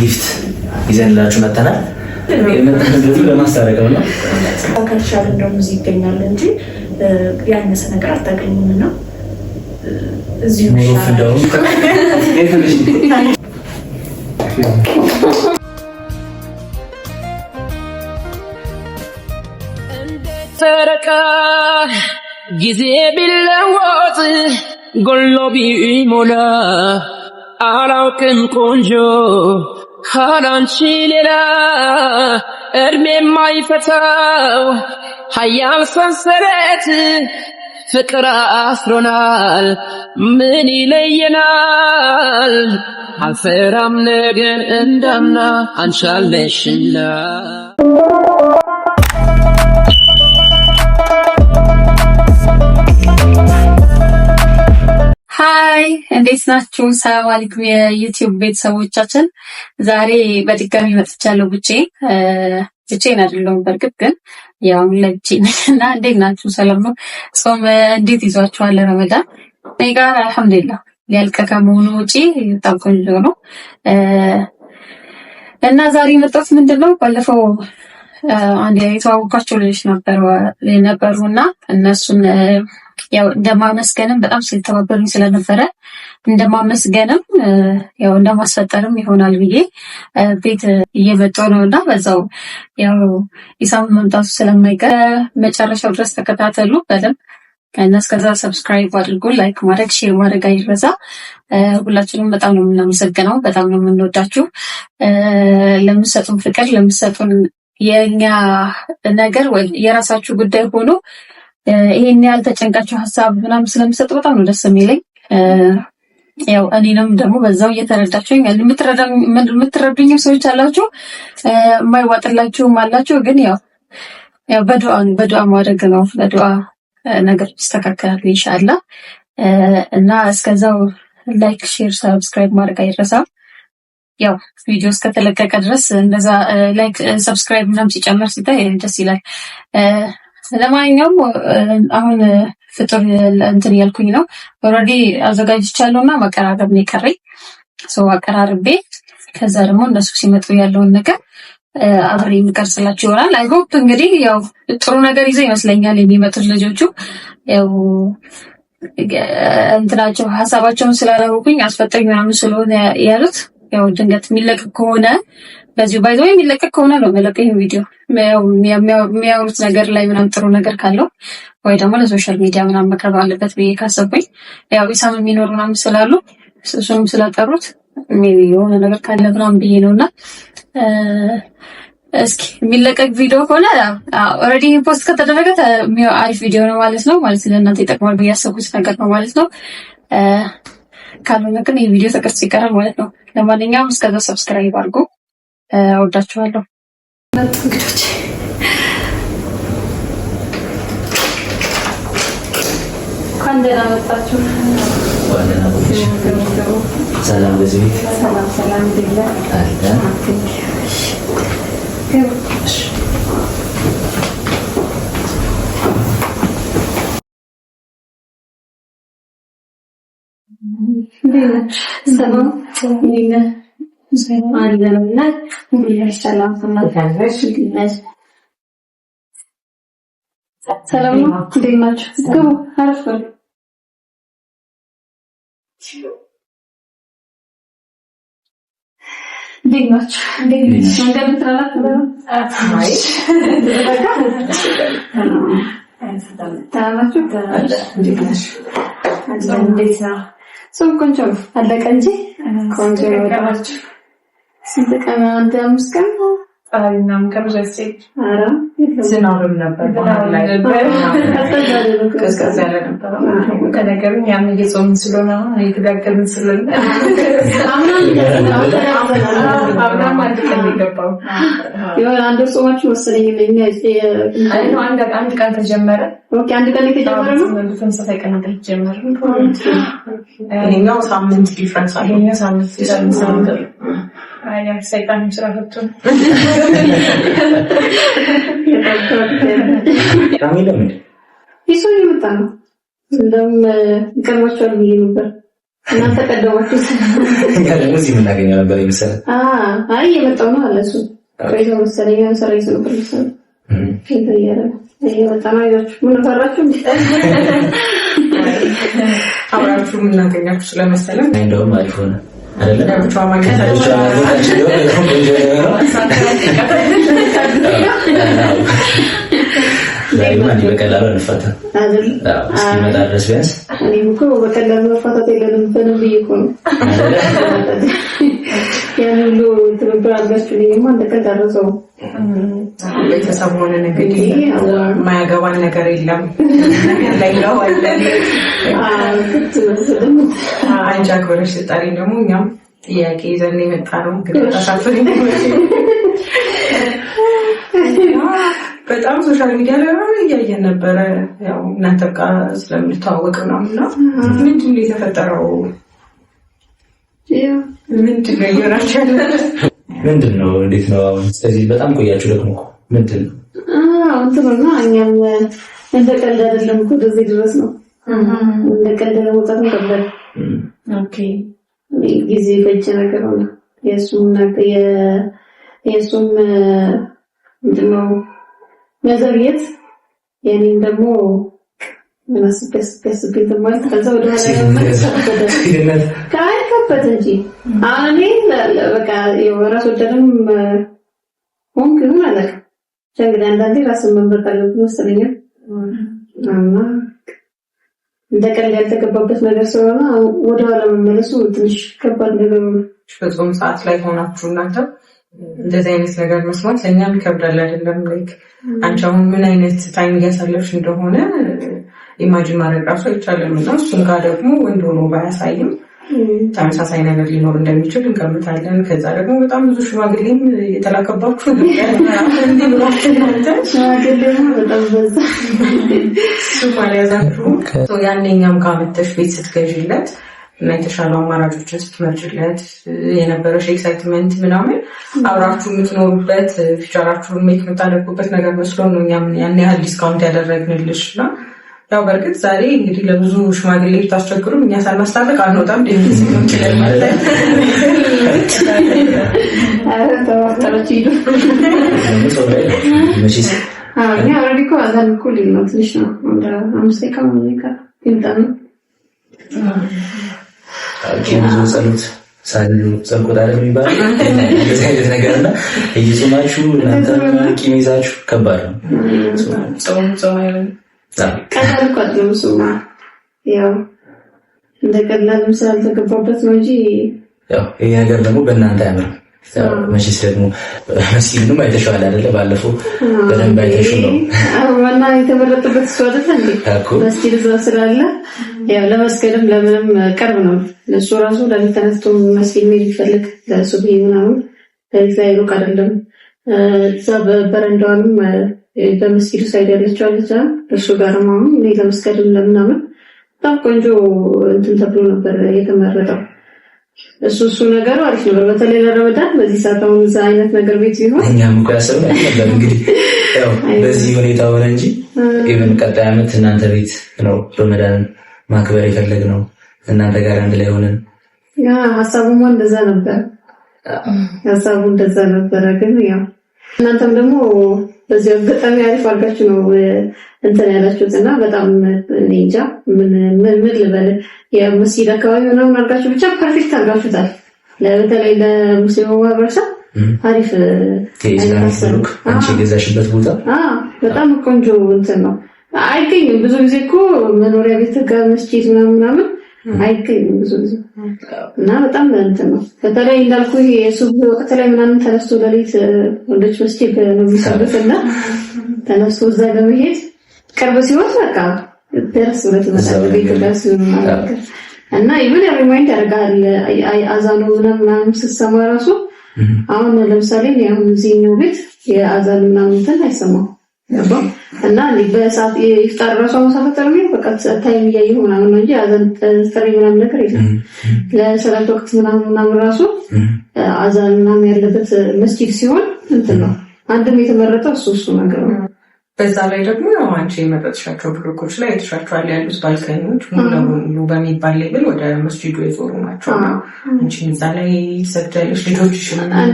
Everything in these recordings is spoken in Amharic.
ጊፍት ይዘንላችሁ መተናል። ለማስታረቀው ነው ከተሻለ እንደውም እዚህ ይገኛል እንጂ ያነሰ ነገር አታገኙም ነው እዚሁ ሰረቃ ጊዜ ቢለወጥ ጎሎ ቢሞላ አላውቅም ቆንጆ ካላንቺ ሌላ እድሜ ማይፈታው ሀያል ሰንሰለት ፍቅር አስሮናል። ምን ይለየናል? አልፈራም ነገን እንዳምና አንሻለሽና ሀይ እንዴት ናችሁ? ሰላም አለይኩም የዩቲዩብ ቤተሰቦቻችን፣ ዛሬ በድጋሚ መጥቻለሁ። ብቼ ብቻዬን አይደለሁም በእርግጥ ግን ያው ለብቼ እና እንዴት ናችሁ? ሰላም ነው? ጾም እንዴት ይዟችኋል? ረመዳን እኔ ጋር አልሐምዱሊላህ ያልቀ ከመሆኑ ውጪ በጣም ቆንጆ ነው እና ዛሬ መጣሁት ምንድነው ባለፈው አንድ የተዋወቅኳቸው ልጆች ነበሩ ነበሩና እነሱን ያው እንደማመስገንም በጣም ስለተባበሩኝ ስለነበረ እንደማመስገንም ያው እንደማስፈጠርም ይሆናል ብዬ ቤት እየመጣሁ ነው እና በዛው ያው ኢሳም መምጣቱ ስለማይቀር መጨረሻው ድረስ ተከታተሉ በደንብ እና እስከዛ ሰብስክራይብ አድርጎ ላይክ ማድረግ ሼር ማድረግ አይረሳ። ሁላችንም በጣም ነው የምናመሰግነው፣ በጣም ነው የምንወዳችሁ ለምሰጡን ፍቅር ለምሰጡን የኛ ነገር ወይ የራሳችሁ ጉዳይ ሆኖ ይሄን ያህል ተጨንቃችሁ ሀሳብ ምናምን ስለምሰጥ በጣም ነው ደስ የሚለኝ። ያው እኔንም ደግሞ በዛው እየተረዳችሁኝ የምትረዱኝ ሰዎች አላችሁ፣ የማይዋጥላችሁም አላችሁ። ግን ያው ያው በዱዓ በዱአ ማድረግ ነው። በዱዓ ነገር ይስተካከላሉ ኢንሻአላህ። እና እስከዛው ላይክ፣ ሼር፣ ሰብስክራይብ ማድረግ አይረሳ። ያው ቪዲዮ እስከተለቀቀ ድረስ እንደዛ ላይክ፣ ሰብስክራይብ ምናምን ሲጨምር ሲታይ ደስ ይላል። ለማንኛውም አሁን ፍጡር እንትን እያልኩኝ ነው። ኦልሬዲ አዘጋጅቻለሁ እና መቀራረብ ነው የቀረኝ። ሰው አቀራርቤ ከዛ ደግሞ እነሱ ሲመጡ ያለውን ነገር አብሬ የምቀርጽላችሁ ይሆናል። አይ ሆፕ እንግዲህ ያው ጥሩ ነገር ይዘው ይመስለኛል የሚመጡት ልጆቹ ያው እንትናቸው ሀሳባቸውን ስላላወቁኝ አስፈጠኝ ምናምን ስለሆነ ያሉት ያው ድንገት የሚለቀቅ ከሆነ በዚሁ ባይዘ የሚለቀቅ ከሆነ ነው መለቀኝ ቪዲዮ የሚያወሩት ነገር ላይ ምናም ጥሩ ነገር ካለው ወይ ደግሞ ለሶሻል ሚዲያ ምናም መቅረብ አለበት ብዬ ካሰብኩኝ ያው ኢሳም የሚኖር ምናም ስላሉ እሱንም ስለጠሩት የሆነ ነገር ካለ ምናም ብዬ ነው እና እስኪ የሚለቀቅ ቪዲዮ ከሆነ ኦልሬዲ ፖስት ከተደረገ አሪፍ ቪዲዮ ነው ማለት ነው። ማለት ለእናንተ ይጠቅማል ብዬ ያሰብኩት ነገር ነው ማለት ነው። ካልሆነ ግን ይህ ቪዲዮ ተቀርጽ ይቀራል ማለት ነው። ለማንኛውም እስከዛ ሰብስክራይብ አድርጎ እወዳችኋለሁ። እንግዶች እንኳን ደህና መጣችሁ። ሰላም በዚህ ሰላም ሰላም ሰላም ነው። እንዴት ናችሁ? እንዴት ናችሁ? ሰው ቆንጆ ነው። አለቀ እንጂ ቆንጆ ነው። ስንት ቀን? አንድ አምስት ቀን ፀሐይና ከብዛት ሴት ዝናብም ነበር ቀዝቀዝ ያለ ነበር። ከነገሩ ያም እየጾምን ስለሆነ አሁን እየተጋገርን ስለሆነ አንድ ቀን ተጀመረ። አንድ ቀን የተጀመረ ተመሳሳይ ቀን ተጀመረ። ይሄኛው ሳምንት ዲፍረንስ አለ። ይሄኛው ሳምንት ሰይጣን ስራ ፈቶ ነው። ይዞ የመጣ ነው። እንደውም ይቀርባቸዋል ብዬ ነበር እና ተቀደማችሁ እዚህ የምናገኘው ነበር የመሰለ አይ የመጣው ነው አለ እሱ ይዞ መሰለኝ የሆነ ስራ ይዞ ነበር መሰለኝ እንደውም አሪፍ ሆነ። አይደለም ዛሬማ እንዲህ በቀላሉ አንፈታም። እስኪመጣ ድረስ ቢያንስ እኔም እኮ በቀላሉ መፋታት የለንም ብዬሽ እኮ ነው ያን ሁሉ ትብብር አድርጋችሁ እንደ ቤተሰብ የማያገባን ነገር የለም። አንቺ አክብረሽ ስጠሪኝ ደግሞ እኛም ጥያቄ ይዘን የመጣ ነው ግድ ተሳፍሪ በጣም ሶሻል ሚዲያ ላይ ሆነ እያየን ነበረ። ያው እናንተ ጋር ስለምንተዋወቅ ነው እና ምንድን ነው የተፈጠረው? ምንድን ነው እየሆናችሁ ምንድን ነው እንዴት ነው አሁን? ስለዚህ በጣም ቆያችሁ ደግሞ ምንድን ነው እንትን እና እኛም እንደ ቀልድ አይደለም እኮ ደዚህ ድረስ ነው። እንደ ቀልድ ለመውጣት ከበደ ጊዜ ፈጀ ነገር ሆነ። የእሱም የእሱም ምንድን ነው መዘግየት የኔን ደግሞ ምን አስቤ እንጂ አሁን እኔ በቃ ራስ ወደድም ሆንክ ይሁን አለቅ እንግዲህ አንዳንዴ ራስን መምረጥ አለብን መሰለኛል እንደ ቀልድ ያልተገባበት ነገር ስለሆነ ወደኋላ መመለሱ ትንሽ ከባድ ነገር ነው። በጾም ሰዓት ላይ ሆናችሁ እናንተ እንደዚህ አይነት ነገር መስማት ለእኛም ይከብዳል። አይደለም ላይክ አንቺ አሁን ምን አይነት ታይም እያሳለፍሽ እንደሆነ ኢማጂን ማድረግ ራሱ አይቻልም። እና እሱን ጋር ደግሞ ወንድ ሆኖ ባያሳይም ተመሳሳይ ነገር ሊኖር እንደሚችል እንገምታለን። ከዛ ደግሞ በጣም ብዙ ሽማግሌም የተላከባችሁ በጣም ነበርሽማለያዛችሁ ያኔኛም ጋር መተሽ ቤት ስትገዥለት እና የተሻሉ አማራጮችን ስትመርጭለት የነበረ ኤክሳይትመንት ምናምን አብራችሁ የምትኖሩበት ፊቸራችሁ ሜክ የምታደርጉበት ነገር መስሎ ነው እኛም ያን ያህል ዲስካውንት ያደረግንልሽ እና ያው በእርግጥ ዛሬ እንግዲህ ለብዙ ሽማግሌ ብታስቸግሩም እኛ ሳናስታርቅ አንወጣም። ደስ ብዙ ጸሎት ጸልቆት አለ የሚባለው እንደዚህ አይነት ነገር እና እየጾማችሁ እናንተ ቂም ይዛችሁ ከባድ ነው። ጾም ጾም ቀላል ያው እንደ አልተገባበት ነው እንጂ ያው ይሄ ነገር ደግሞ በእናንተ አያምርም። መቼስ ደግሞ መስጊድንም አይተሽዋል አይደለ? ባለፈው በደንብ አይተሽው ነው አበባና የተመረጠበት እሱ አይደለ መስጊድ እዛ ስላለ ያው ለመስገድም ለምንም ቅርብ ነው። እሱ ራሱ ለሊት ተነስቶ መስጊድ መሄድ ይፈልግ ለሱ ብ ምናምን ለሊት ላይ ሩቅ አይደለም። እዛ በበረንዳዋንም በመስጊዱ ሳይድ ያለችው አለች እሱ ጋር ማሁን ለመስገድም ለምናምን በጣም ቆንጆ እንትን ተብሎ ነበር የተመረጠው። እሱ እሱ ነገሩ አሪፍ ነበር። በተለይ ለረመዳን በዚህ ሰዓት አሁን እዛ አይነት ነገር ቤት ቢሆን እኛም እኮ ያሰብነው ነበር። እንግዲህ ያው በዚህ ሁኔታ ሆነ እንጂ ኢቨን ቀጣይ ዓመት እናንተ ቤት ነው ረመዳን ማክበር ነው እናንተ ጋር አንድ ላይ ሆነን። ሀሳቡም እንደዛ ነበር፣ ሀሳቡ እንደዛ ነበረ። ግን ያው እናንተም ደግሞ በዚህ በጣም ያሪፍ አድርጋችሁ ነው እንትን ያላችሁት እና በጣም እኔ እንጃ ምን ልበል የመስጊድ አካባቢ ምናምን አድርጋችሁ ብቻ ፐርፌክት አድርጋችሁታል። በተለይ ለሙስሊሙ ማህበረሰብ አሪፍ አንቺ የገዛሽበት ቦታ በጣም ቆንጆ እንትን ነው። አይገኝም ብዙ ጊዜ እኮ መኖሪያ ቤት ጋር መስጊድ ምናምን አይገኝም ብዙ ጊዜ እና በጣም እንትን ነው። በተለይ እንዳልኩ የሱብ ወቅት ላይ ምናምን ተነስቶ ለሌት ወንዶች መስጂድ ነው የሚሰሩት እና ተነስቶ እዛ በመሄድ ቅርብ ሲሆን በቃ ደረስ ሁለት መጣ ቤት ደርስ እና ይሁን ሪማይንድ ያደርጋል አዛኑ ምናምን ምናምን ስትሰማ ራሱ አሁን ለምሳሌ ሁን እዚህኛው ቤት የአዛን ምናምንትን እንትን አይሰማም እና በሰዓት ይፍጣር ራሱ አሁን ሳፈጠር ነው በቃ ታይም እያየሁ ምናምን ነው እንጂ አዘን ጥሪ ምናምን ነገር የለም። ለሰላት ወቅት ምናምን ምናምን ራሱ አዛን ምናምን ያለበት መስጂድ ሲሆን እንትን ነው አንድም የተመረጠው እሱ እሱ ነገር ነው። በዛ ላይ ደግሞ አንቺ የመረጥሻቸው ብሎኮች ላይ የተሻቸዋል ያሉት ባልከኞች ሙሉ በሚባል ሌብል ወደ መስጂዱ የዞሩ ናቸው። አንቺ እዛ ላይ ሰጃለች ልጆች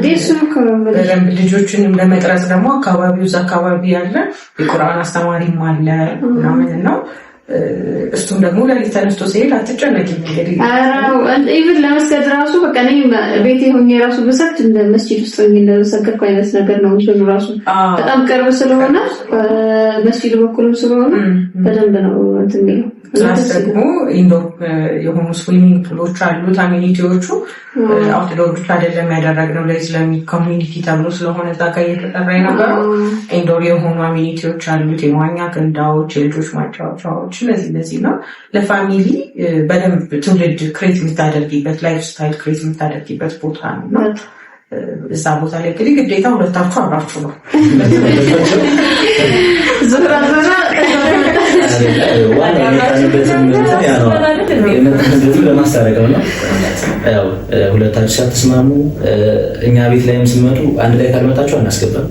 ልጆችሽንበደንብ ልጆችንም ለመቅረጽ ደግሞ አካባቢው እዛ አካባቢ ያለ የቁርአን አስተማሪም አለ ምናምን ነው እሱም ደግሞ ለሊት ተነስቶ ሲሄድ አትጨነቂ። እንግዲህ ኢቭን ለመስገድ ራሱ በቃ እኔ ቤቴ ሆኜ ራሱ ብሰግድ እንደ መስጂድ ውስጥ እንደሰገድኩ አይነት ነገር ነው። ምስሉ ራሱ በጣም ቅርብ ስለሆነ መስጂዱ በኩልም ስለሆነ በደንብ ነው እንትን የሚለው። ደግሞ ኢንዶ የሆኑ ስዊሚንግ ፑሎች አሉት አሚኒቲዎቹ። አውትዶር ብቻ አይደለም ያደረግነው ለኢስላሚክ ኮሚኒቲ ተብሎ ስለሆነ እዛ ጋ እየተጠራ የነበረው ኢንዶር የሆኑ አሚኒቲዎች አሉት፣ የመዋኛ ገንዳዎች፣ የልጆች ማጫወቻዎች ነገሮች እነዚህ እነዚህ ነው ለፋሚሊ በደንብ ትውልድ ክሬት የምታደርጊበት ላይፍ ስታይል ክሬት የምታደርጊበት ቦታ ነው እና እዛ ቦታ ላይ እንግዲህ ግዴታ ሁለታችሁ አብራችሁ ነው ለማስታረቀው ነው። ያው ሁለታችሁ ሳትስማሙ እኛ ቤት ላይም ስመጡ አንድ ላይ ካልመጣችሁ አናስገባም።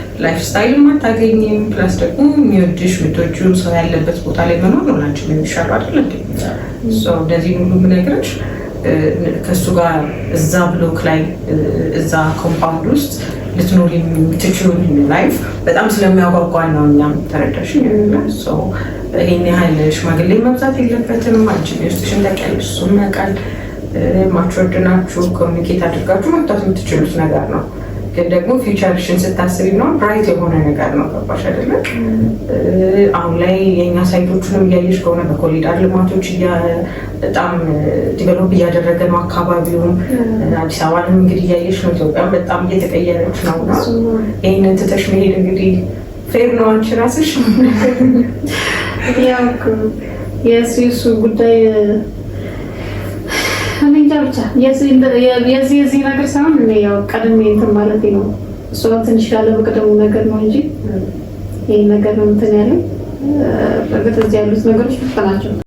ላይፍ ስታይልም አታገኝም። ፕላስ ደግሞ የሚወድሽ ምቶቹ ሰው ያለበት ቦታ ላይ መኖር ነው ላንቺም የሚሻለው አይደል እንዴ? እንደዚህ ሁሉ ብነግርሽ ከእሱ ጋር እዛ ብሎክ ላይ እዛ ኮምፓውንድ ውስጥ ልትኖር የምትችሉን ላይፍ በጣም ስለሚያጓጓ ነው። እኛም ተረዳሽ። ይህን ያህል ሽማግሌ መብዛት የለበትም። አንቺ ውስጥሽን ታውቂያለሽ፣ እሱም ያውቃል። ማችወርድ ኮሚኒኬት አድርጋችሁ መብታት የምትችሉት ነገር ነው። ግን ደግሞ ፊውቸርሽን ስታስብ ምናምን ብራይት የሆነ ነገር ነው። ገባሽ አይደለ? አሁን ላይ የእኛ ሳይቶቹንም እያየሽ ከሆነ በኮሊዳር ልማቶች በጣም ዲቨሎፕ እያደረገ ነው አካባቢውም። አዲስ አበባንም እንግዲህ እያየሽ ነው። ኢትዮጵያ በጣም እየተቀየረች ነው። ይህንን ትተሽ መሄድ እንግዲህ ፌር ነው። አንቺ ራስሽ ያው የሱ ጉዳይ ብቻ የዚህ የዚህ ነገር ሳይሆን እኔ ያው ቀድሜ እንትን ማለት ነው። እሷ ትንሽ ያለ በቀደሙ ነገር ነው እንጂ ይህ ነገር ነው እንትን ያለ በእርግጥ እዚህ ያሉት ነገሮች ፍቅ ናቸው።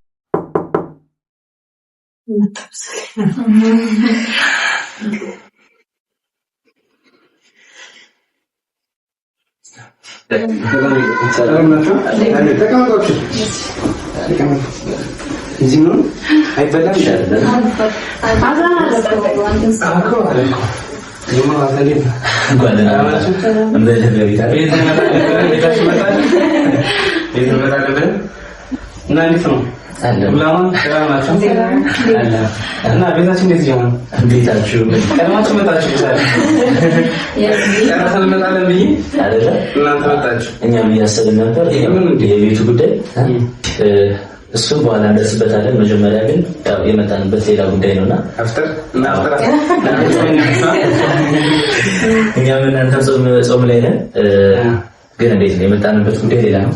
እዚህ ነው አይበላም እና እንዴት ነው? እንዴት ሆነ? ቀድማችሁ መጣችሁ ጨረሰን እንመጣለን ብዬ እናንተ መጣችሁ። እኛም እያሰብን ነበር የቤቱ ጉዳይ እሱን በኋላ እንደርስበታለን። መጀመሪያ ግን ያው የመጣንበት ሌላ ጉዳይ ነውና እኛ እናንተም ጾም ላይ ነን፣ ግን እንዴት ነው የመጣንበት ጉዳይ ሌላ ነው።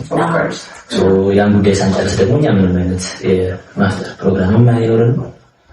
ያን ጉዳይ ሳንጨርስ ደግሞ እኛ ምንም አይነት የማፍጠር ፕሮግራምም ነው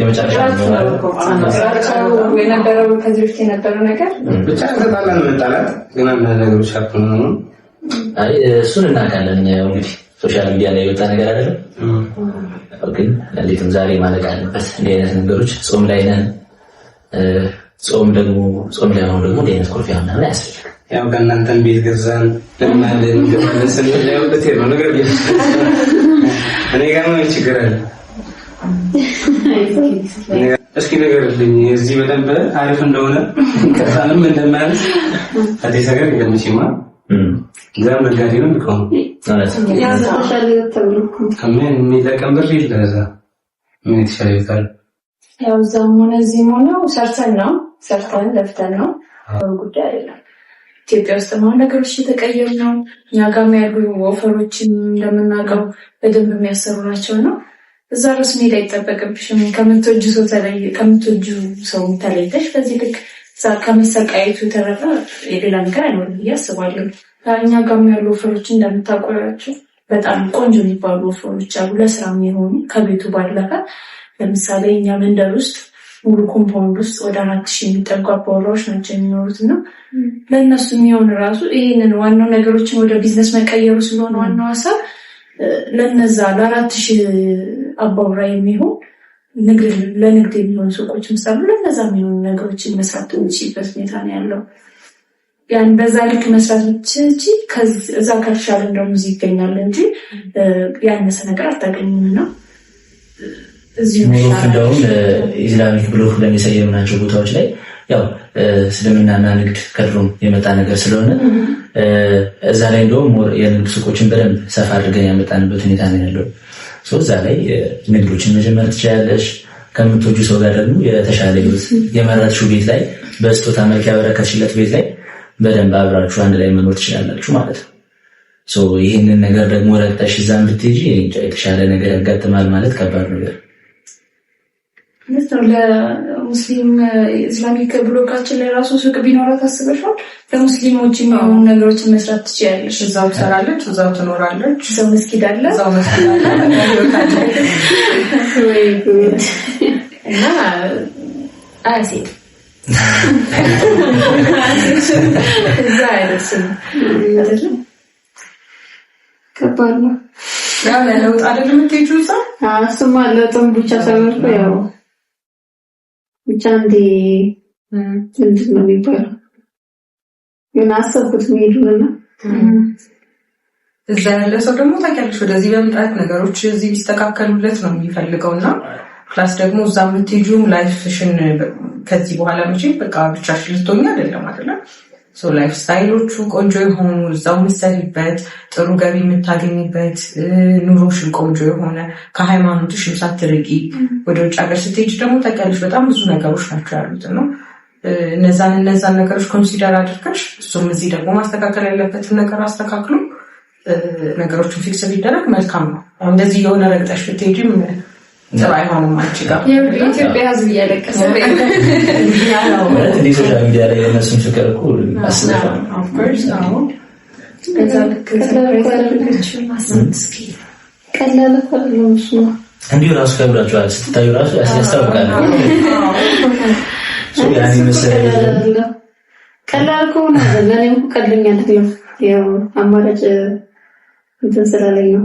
የመጨረሻ እሱን እናውቃለን። እንግዲህ ሶሻል ሚዲያ ላይ የወጣ ነገር አይደለም፣ ግን ሌትም ዛሬ ማለቅ አለበት እንዲህ አይነት ነገሮች። ጾም ላይ ነን። ጾም ደግሞ ጾም ላይ ሆኖ ደግሞ እንዲህ አይነት ኮርፊያ ምናምን አያስፈልግም። ያው ከእናንተን ቤት ገዛን ለምናለን ገዛለን ስንል ያውበት ነው ነገር እኔ ጋር ነው ችግር አለ እስኪ ንገሪልኝ እዚህ በደንብ አሪፍ እንደሆነ ከሳንም እንደማያንስ አዲስ ነገር እንደምሽማ እዛም መጋዴ ነው ልቀው ምን የሚለቀም ብር የለ እዛ ምን የተሻለ ይታል ያው እዛም ሆነ እዚህም ሆነ ሰርተን ነው ሰርተን ለፍተን ነው ጉዳይ አይደለም። ኢትዮጵያ ውስጥ ማን ነገሮች እየተቀየሩ ነው። እኛ ጋር ያሉ ወፈሮችን እንደምናውቀው በደንብ የሚያሰሩ ናቸው ነው እዛ ድረስ ሜዳ አይጠበቅብሽም። ከምትወጁ ሰው ከምትወጁ ሰው ተለይተሽ በዚህ ልክ ከመሰቃየቱ የተረፈ የሌላ ነገር አይኖርም ብዬ አስባለሁ። እኛ ጋም ያሉ ወፈሮች እንደምታቆያቸው በጣም ቆንጆ የሚባሉ ወፈሮች አሉ፣ ለስራ የሚሆኑ ከቤቱ ባለፈ። ለምሳሌ እኛ መንደር ውስጥ ሙሉ ኮምፓውንድ ውስጥ ወደ አራት ሺህ የሚጠጉ አባወራዎች ናቸው የሚኖሩት እና ለእነሱ የሚሆን ራሱ ይህንን ዋናው ነገሮችን ወደ ቢዝነስ መቀየሩ ስለሆነ ዋናው ሀሳብ ለነዛ ለአራት ሺ አባውራ የሚሆን ለንግድ የሚሆን ሱቆች ምሳሉ ለነዛ የሚሆኑ ነገሮችን መስራት የምችልበት ሁኔታ ነው ያለው። ያን በዛ ልክ መስራት ብትች እዛ ከርሻል እንደውም እዚህ ይገኛል እንጂ ያነሰ ነገር አታገኝም ነው እዚሁ ሞሮክ እንደውም ኢስላሚክ ብሎክ ለሚሰየምናቸው ቦታዎች ላይ ያው እስልምናና ንግድ ከድሮም የመጣ ነገር ስለሆነ እዛ ላይ እንደውም የንግድ ሱቆችን በደንብ ሰፋ አድርገን ያመጣንበት ሁኔታ ነው ያለው። እዛ ላይ ንግዶችን መጀመር ትችላለሽ። ከምትወጁ ሰው ጋር ደግሞ የተሻለ ህይወት የመረጥሽው ቤት ላይ በስጦታ መልክ ያበረከትሽለት ቤት ላይ በደንብ አብራችሁ አንድ ላይ መኖር ትችላላችሁ ማለት ነው። ይህንን ነገር ደግሞ ረግጠሽ እዛም ብትሄጂ የተሻለ ነገር ያጋጥማል ማለት ከባድ ነገር ሙስሊም ኢስላሚክ ብሎካችን ላይ ራሱ ሱቅ ቢኖራት አስበሻል። ለሙስሊሞች የሚሆኑ ነገሮችን መስራት ትችላለች። እዛው ትሰራለች፣ እዛው ትኖራለች። ሰው መስጊድ አለ፣ እዛው መስጊድ አለ። እና አያሴት እዛ አይደርስም ከባድ ነው። ያው ለለውጥ አይደለም ትይጁ ሳ ለጥም ብቻ ሰበርኩ ያው ብቻ እንዴ እንትን ነው የሚባለው። ግን አሰብኩት መሄዱንና እዛ ያለ ሰው ደግሞ ታውቂያለሽ፣ ወደዚህ በምጣት ነገሮች እዚህ ቢስተካከሉለት ነው የሚፈልገው እና ፕላስ ደግሞ እዛ የምትሄጂውም ላይፍሽን ከዚህ በኋላ መቼም በቃ ብቻሽን ልትሆኚ አይደለም አይደለም ሶ ላይፍ ስታይሎቹ ቆንጆ የሆኑ እዛው የምትሰሪበት ጥሩ ገቢ የምታገኝበት ኑሮሽን ቆንጆ የሆነ ከሃይማኖትሽም ሳትርቂ ወደ ውጭ ሀገር ስትሄጅ ደግሞ ተቀልሽ በጣም ብዙ ነገሮች ናቸው ያሉት ነው። እነዛን እነዛን ነገሮች ኮንሲደር አድርገሽ እሱም እዚህ ደግሞ ማስተካከል ያለበትን ነገር አስተካክሎ ነገሮችን ፊክስ ቢደረግ መልካም ነው። እንደዚህ የሆነ ረግጠሽ ብትሄጂም ጥሩ አይሆንም። አንቺ ጋር የኢትዮጵያ እያለቀሰ ሶሻል ሚዲያ ላይ የነሱን ፍቅር እኮ እንዲሁ ራሱ ከብዳችኋል ስትታዩ ራሱ ያስታውቃል። ቀላል ከሆነ ለእኔም ያው አማራጭ እንትን ስላለኝ ነው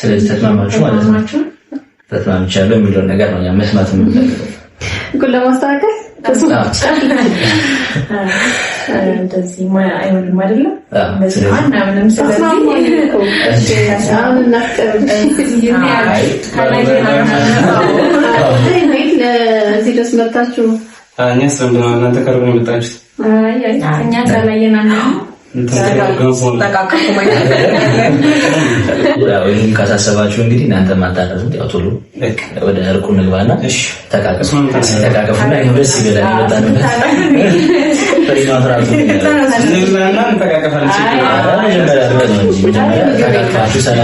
ስለዚህ ተስማማችሁ ማለት ነው። ተስማምቻለሁ የሚለውን ነገር ነው መስማት የምንፈልገው ለማስተካከል እንደዚህ አይሆንም አይደለም። እዚህ ደስ መጣችሁ። እኛ እናንተ ከሩቅ ነው የመጣችሁት። እኛ ተለየና ነው ካሳሰባችሁ እንግዲህ እናንተ ማታረሱት ያው ቶሎ ወደ እርቁ ንግባና ተቃቀፉና ደስ ይበላል። ሰላም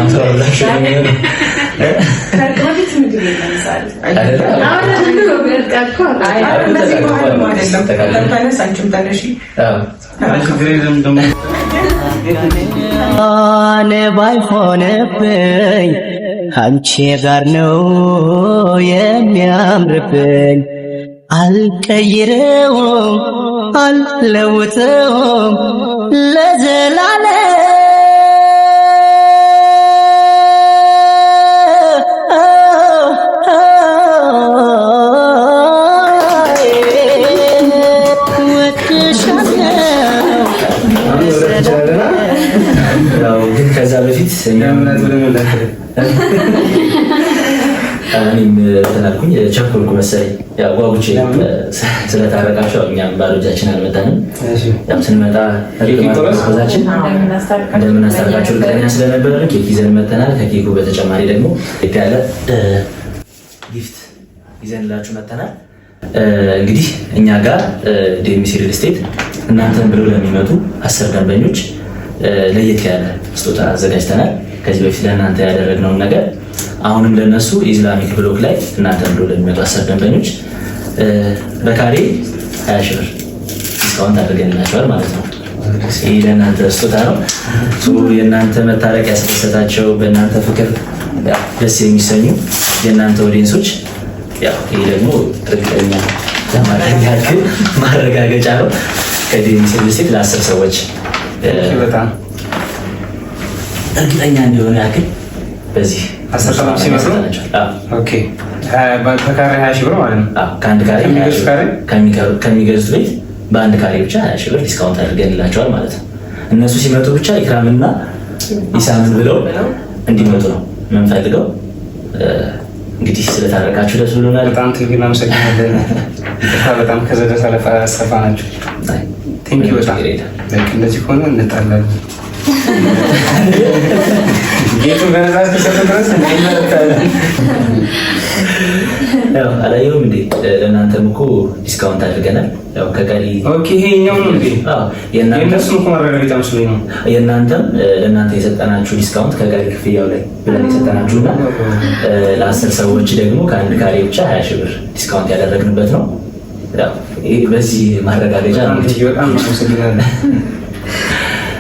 ሆነ ባይሆንብኝ አንቺ ጋር ነው የሚያምርብኝ። አልቀይረውም፣ አልለውጠውም ለዘላ እኔም እንትን አልኩኝ ቸኮልኩ መሰለኝ ጓጉቼ ስለታረቃቸው እኛም ባዶ አልመጣንም። ያው ስንመጣ ዛችን እንደምናስታርቃቸው እርግጠኛ ስለነበረ ኬክ ይዘን መተናል። ከኬኩ በተጨማሪ ደግሞ ያለ ጊፍት ይዘንላችሁ መተናል። እንግዲህ እኛ ጋር ዴሚስ ሪል ስቴት እናንተን ብለው ለሚመጡ አስር ደንበኞች ለየት ያለ ስጦታ አዘጋጅተናል። ከዚህ በፊት ለእናንተ ያደረግነውን ነገር አሁንም ለነሱ ኢስላሚክ ብሎክ ላይ እናንተ ብሎ ለሚመጡ አስር ደንበኞች በካሬ ሀያ ሺህ ብር ዲስካውንት አድርገንላቸዋል ማለት ነው። ይህ ለእናንተ ስጦታ ነው። የእናንተ መታረቅ ያስደሰታቸው በእናንተ ፍቅር ደስ የሚሰኙ የእናንተ ኦዲየንሶች ይህ ደግሞ ጥርቀኛ ለማድረግ ያክል ማረጋገጫ ነው። ከዲኒስ ሴት ለአስር ሰዎች በጣም እርግጠኛ እንዲሆነ ያክል በዚህ አስር ሰባት ኦኬ። በካሬ ሀያ ሺህ ብር ማለት ነው። ከአንድ ካሬ ከሚገዙት ቤት በአንድ ካሬ ብቻ ሀያ ሺህ ብር ዲስካውንት አድርገንላቸዋል ማለት ነው። እነሱ ሲመጡ ብቻ ኢክራምና ኢሳምን ብለው እንዲመጡ ነው የምንፈልገው። እንግዲህ ስለታረቃችሁ ደስ ብሎናል። በጣም ትልቅ እናመሰግናለን። በጣም ከዘደ ሰለፋ ሰፋ ናቸው። ቴንኪው በጣም እንደዚህ ከሆነ እንጣላለን። አላየሁም እንዴ? ለእናንተም እኮ ዲስካውንት አድርገናል። ያው ከጋሊ የእናንተም ለእናንተ የሰጠናችሁ ዲስካውንት ከቀሪ ክፍያው ላይ ብለን የሰጠናችሁ እና ለአስር ሰዎች ደግሞ ከአንድ ካሬ ብቻ ሀያ ሺህ ብር ዲስካውንት ያደረግንበት ነው። በዚህ ማረጋገጫ ነው።